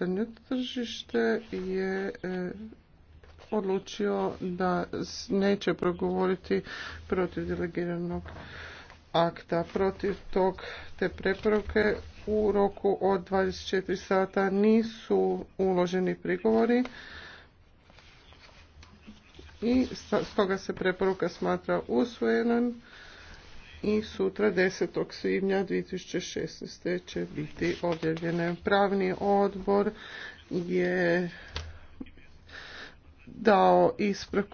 unutarnje tržište je e, odlučio da neće progovoriti protiv delegiranog akta protiv tog te preporuke u roku od 24 sata nisu uloženi prigovori i stoga se preporuka smatra usvojenom i sutra 10. svibnja 2016. će biti objavljene. Pravni odbor je dao ispraku